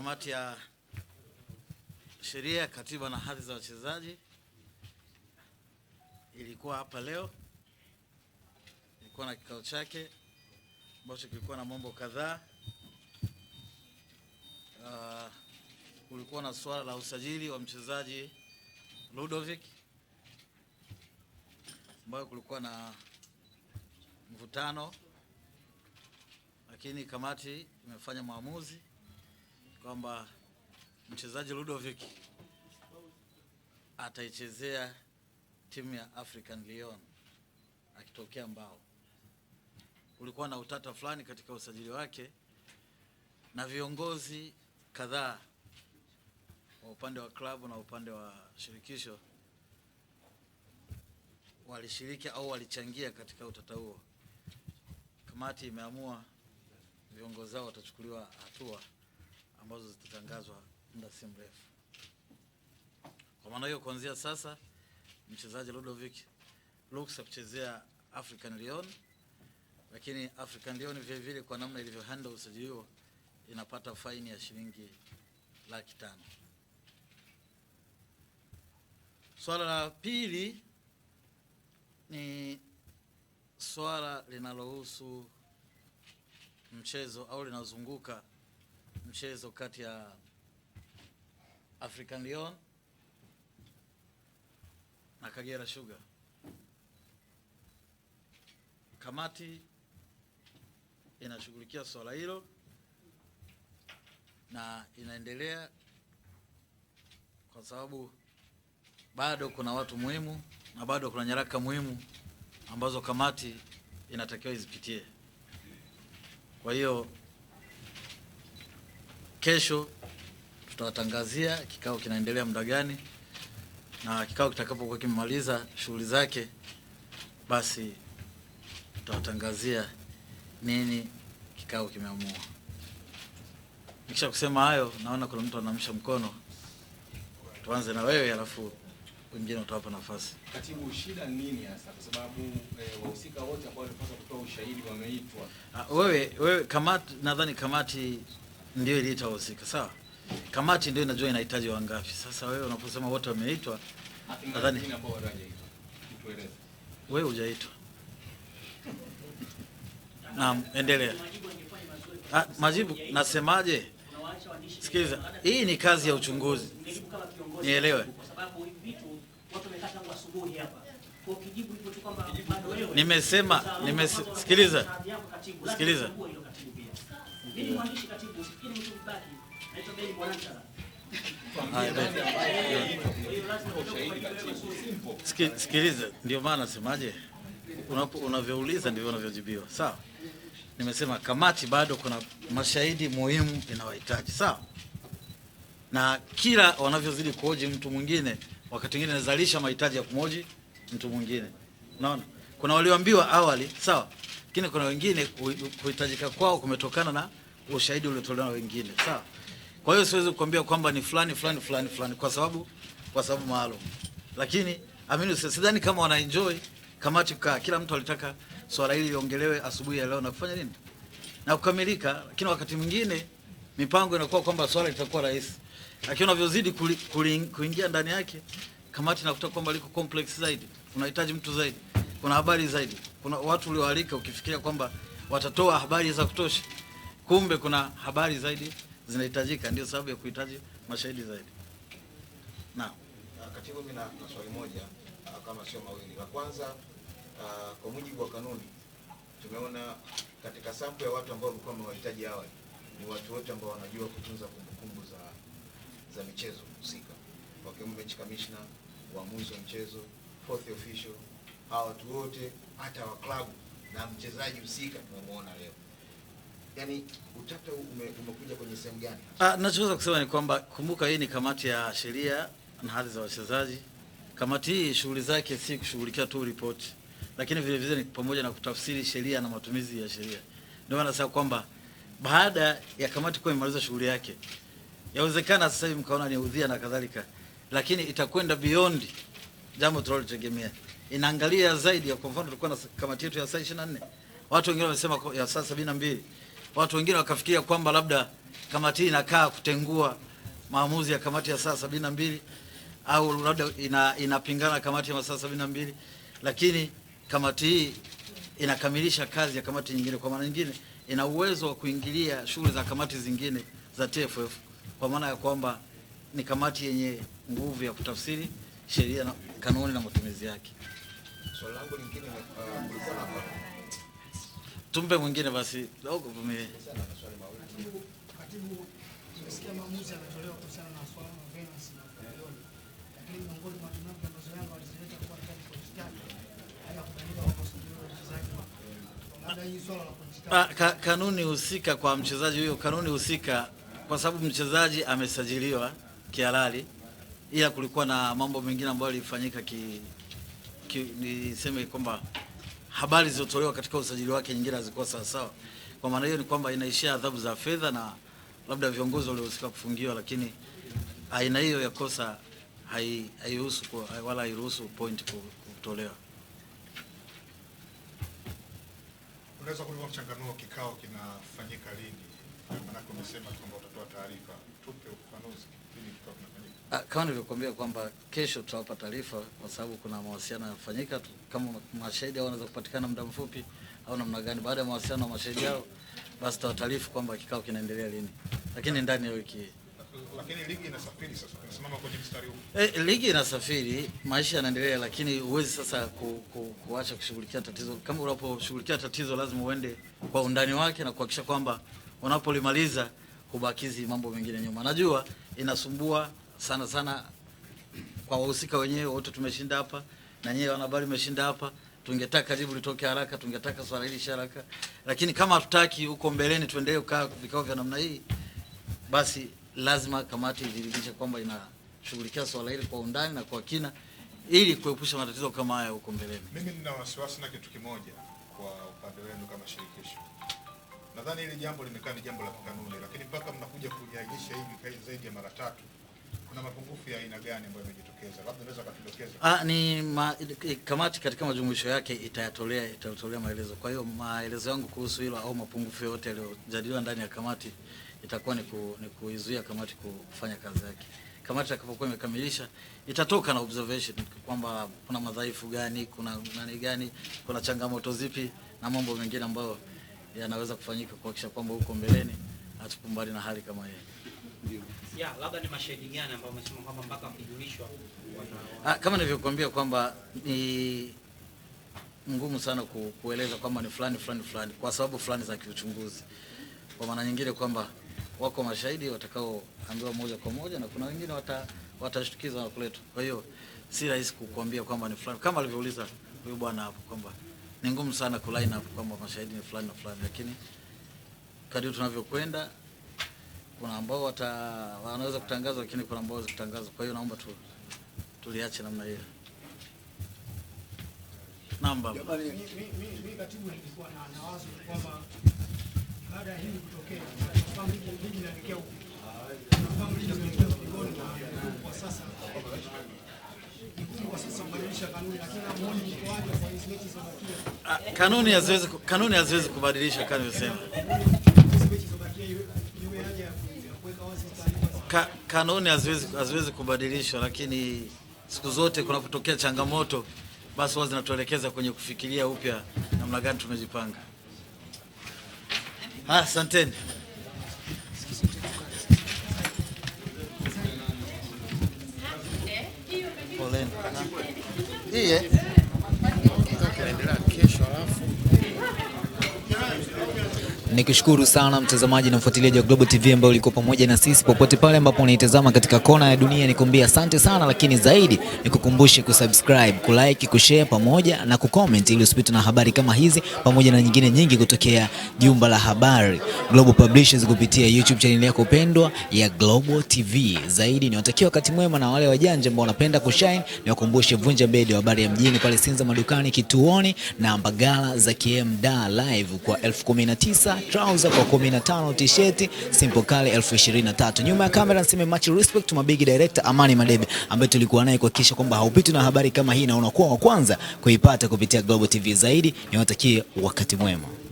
Kamati ya Sheria, Katiba na Hadhi za Wachezaji ilikuwa hapa leo, ilikuwa na kikao chake ambacho kilikuwa na mambo kadhaa. Uh, kulikuwa na suala la usajili wa mchezaji Ludovic ambayo kulikuwa na mvutano, lakini kamati imefanya maamuzi kwamba mchezaji Ludovic ataichezea timu ya African Lyon akitokea Mbao. Ulikuwa na utata fulani katika usajili wake na viongozi kadhaa wa upande wa klabu na upande wa shirikisho walishiriki au walichangia katika utata huo. Kamati imeamua viongozi hao watachukuliwa hatua ambazo zitatangazwa muda si mrefu. Kwa maana hiyo, kuanzia sasa mchezaji Ludovic Lux akuchezea African Lyon, lakini African Lyon vile vile kwa namna ilivyo handle usajili huo inapata faini ya shilingi laki tano. Swala la pili ni swala linalohusu mchezo au linazunguka mchezo kati ya African Lion na Kagera Sugar. Kamati inashughulikia swala hilo na inaendelea, kwa sababu bado kuna watu muhimu na bado kuna nyaraka muhimu ambazo kamati inatakiwa izipitie. Kwa hiyo Kesho tutawatangazia kikao kinaendelea muda gani, na kikao kitakapokuwa kimemaliza shughuli zake, basi tutawatangazia nini kikao kimeamua. Nikisha kusema hayo, naona kuna mtu anamsha mkono. Tuanze na wewe halafu wengine utawapa nafasi. Katibu, shida nini hasa? Kwa sababu eh, wahusika wote ambao walipaswa kutoa ushahidi wameitwa. Ah, wewe wewe kamati, nadhani kamati ndio ilitahusika sawa. Kamati ndio inajua inahitaji wangapi. Sasa wewe unaposema wote wameitwa, nadhani wewe hujaitwa. Naam, endelea. Ah, majibu nasemaje? Sikiliza, hii ni kazi ya uchunguzi, nielewe. Nimesema, nimesikiliza, sikiliza mimi mwandishi katibu, usifikiri mtu mbaki. Naitwa Sikiliza, ndio maana nasemaje, unavyouliza ndivyo unavyojibiwa. Sawa, nimesema kamati bado kuna mashahidi muhimu inawahitaji, sawa. Na kila wanavyozidi kuhoji mtu mwingine, wakati mwingine nazalisha mahitaji ya kumhoji mtu mwingine. Unaona, kuna walioambiwa awali, sawa lakini kuna wengine kuhitajika kwao kumetokana na ushahidi uliotolewa na wengine, sawa. Kwa hiyo siwezi kukwambia kwamba ni fulani fulani fulani fulani kwa sababu kwa sababu maalum, lakini amini, sidhani kama wana enjoy kamati kukaa. Kila mtu alitaka swala hili liongelewe asubuhi ya leo na kufanya nini na kukamilika, lakini wakati mwingine mipango inakuwa kwamba swala litakuwa rahisi, lakini unavyozidi kuingia ndani yake kamati nakuta kwamba liko complex zaidi, unahitaji mtu zaidi kuna habari zaidi. Kuna watu ulioalika ukifikiria kwamba watatoa habari za kutosha, kumbe kuna habari zaidi zinahitajika, ndio sababu ya kuhitaji mashahidi zaidi. Na ah, katibu, mimi na swali moja ah, kama sio mawili. La kwanza, uh, kwa mujibu wa kanuni tumeona katika sampo ya watu ambao walikuwa wamewahitaji awali ni watu wote ambao wanajua kutunza kumbukumbu za za michezo husika, wakiwemo mechi kamishna, waamuzi wa mchezo, fourth official hawa watu wote, hata wa klabu na mchezaji husika tumemwona leo. Yani, utata ume, umekuja kwenye sehemu gani? Ah, nachoweza kusema ni kwamba kumbuka, hii ni kamati ya sheria na hadhi za wachezaji. Kamati hii shughuli zake si kushughulikia tu ripoti, lakini vile vile ni pamoja na kutafsiri sheria na matumizi ya sheria. Ndio maana nasema kwamba baada ya kamati kuwa imemaliza shughuli yake, yawezekana sasa hivi mkaona ni udhia na kadhalika, lakini itakwenda beyond jambo tunalotegemea inaangalia zaidi ya kwa mfano, tulikuwa na kamati yetu ya saa 24 watu wengine wamesema ya saa 72 watu wengine wakafikiria kwamba labda kamati inakaa kutengua maamuzi ya kamati ya saa 72 au labda ina, inapingana kamati ya masaa 72 lakini kamati hii inakamilisha kazi ya kamati nyingine. Kwa maana nyingine, ina uwezo wa kuingilia shughuli za kamati zingine za TFF kwa maana ya kwamba ni kamati yenye nguvu ya kutafsiri sheria na kanuni na matumizi yake. Uh, tumpe mwingine basi dogo vumilia. Katibu, ah, kanuni husika kwa mchezaji huyo, kanuni husika kwa sababu mchezaji amesajiliwa kihalali, ila kulikuwa na mambo mengine ambayo yalifanyika ki niseme kwamba habari zilizotolewa katika usajili wake nyingine hazikuwa sawasawa. Kwa maana hiyo ni kwamba inaishia adhabu za fedha na labda viongozi waliohusika kufungiwa, lakini aina hiyo ya kosa haihusu hai wala hairuhusu point kutolewa. Unaweza kunipa mchanganuo kikao kinafanyika lini? Maana umesema kwamba utatoa taarifa. Ah, kama nilivyokuambia kwamba kesho tutawapa taarifa, kwa sababu kuna mawasiliano yanafanyika, kama mashahidi hao wanaweza kupatikana muda mfupi au namna gani. Baada ya mawasiliano na mashahidi hao, basi tutawataarifu kwamba kikao kinaendelea lini, lakini ndani ya wiki hii. Lakini ligi inasafiri sasa, tunasimama kwenye mstari huu. Eh, ligi inasafiri, maisha yanaendelea, lakini huwezi sasa ku, ku, kuacha kushughulikia tatizo. Kama unaposhughulikia tatizo, lazima uende kwa undani wake na kuhakikisha kwamba unapolimaliza hubakizi mambo mengine nyuma. Najua inasumbua sana sana kwa wahusika wenyewe wote tumeshinda hapa na nyewe wanahabari umeshinda hapa. Tungetaka jibu litoke haraka, tungetaka swala hili haraka, lakini kama hatutaki huko mbeleni tuendelee kukaa vikao vya namna hii, basi lazima kamati ijiridhishe kwamba inashughulikia swala hili kwa undani na kwa kina ili kuepusha matatizo kama haya huko mbeleni. Mimi nina wasiwasi na kitu kimoja kwa upande wenu kama shirikisho. Nadhani hili jambo limekaa ni jambo la kanuni, lakini mpaka mnakuja kuliainisha hivi zaidi ya mara tatu kuna mapungufu ya aina gani ambayo yamejitokeza? Labda unaweza kutudokeza. Ah, ni ma, eh, kamati katika majumuisho yake itayatolea itatolea maelezo. Kwa hiyo maelezo yangu kuhusu hilo au mapungufu yote yaliyojadiliwa ndani ya kamati itakuwa ni, ku, ni kuizuia kamati kufanya kazi yake. Kamati itakapokuwa imekamilisha itatoka na observation kwamba kuna madhaifu gani, kuna nani gani, kuna changamoto zipi na mambo mengine ambayo yanaweza kufanyika kuhakikisha kwamba huko mbeleni hatukumbani na hali kama hiyo. Ah, kama nilivyokuambia kwamba ni ngumu sana ku, kueleza kwamba ni fulani fulani fulani kwa sababu fulani za kiuchunguzi. Kwa maana nyingine kwamba wako mashahidi watakaoambiwa moja kwa moja na kuna wengine wata watashtukizwa na kuletwa. Kwa hiyo si rahisi kukuambia kwamba ni fulani. Kama alivyouliza huyu bwana hapo kwamba ni ngumu sana ku line up kwamba mashahidi ni fulani na fulani, lakini kadri tunavyokwenda kuna ambao wanaweza kutangaza, lakini kuna ambao hawawezi Kwa hiyo naomba tu tuliache namna hiyo. Namba mimi katibu, nilikuwa na wazo kwamba baada ya hili kutokea, huko, kwa sasa ah, kanuni haziwezi kubadilisha kanuni sema. ka, kanuni haziwezi kubadilishwa, lakini siku zote kunapotokea changamoto basi huwa zinatuelekeza kwenye kufikiria upya namna gani tumejipanga. Ah, asanteni. Poleni. Eh? Kesho alafu Nikushukuru sana mtazamaji na mfuatiliaji wa Global TV ambao ulikuwa pamoja na sisi popote pale ambapo unaitazama katika kona ya dunia, nikwambia asante sana, lakini zaidi nikukumbushe kusubscribe, kulike, kushare pamoja na kucomment ili usipitwe na habari kama hizi pamoja na nyingine nyingi kutokea jumba la habari Global Publishers kupitia YouTube channel yako pendwa ya Global TV. Zaidi niwatakia wakati mwema, na wale wajanja ambao wanapenda kushine niwakumbushe vunja bedi wa habari ya mjini pale Sinza madukani, kituoni na Mbagala za KM live kwa 1019 trouser kwa 15 t-shirt simple kale 2023. Nyuma ya kamera nasema much respect to big director Amani Madebe ambaye tulikuwa naye kuhakikisha kwamba haupitwi na habari kama hii na unakuwa wa kwanza kuipata kupitia Global TV. Zaidi niwatakie wakati mwema.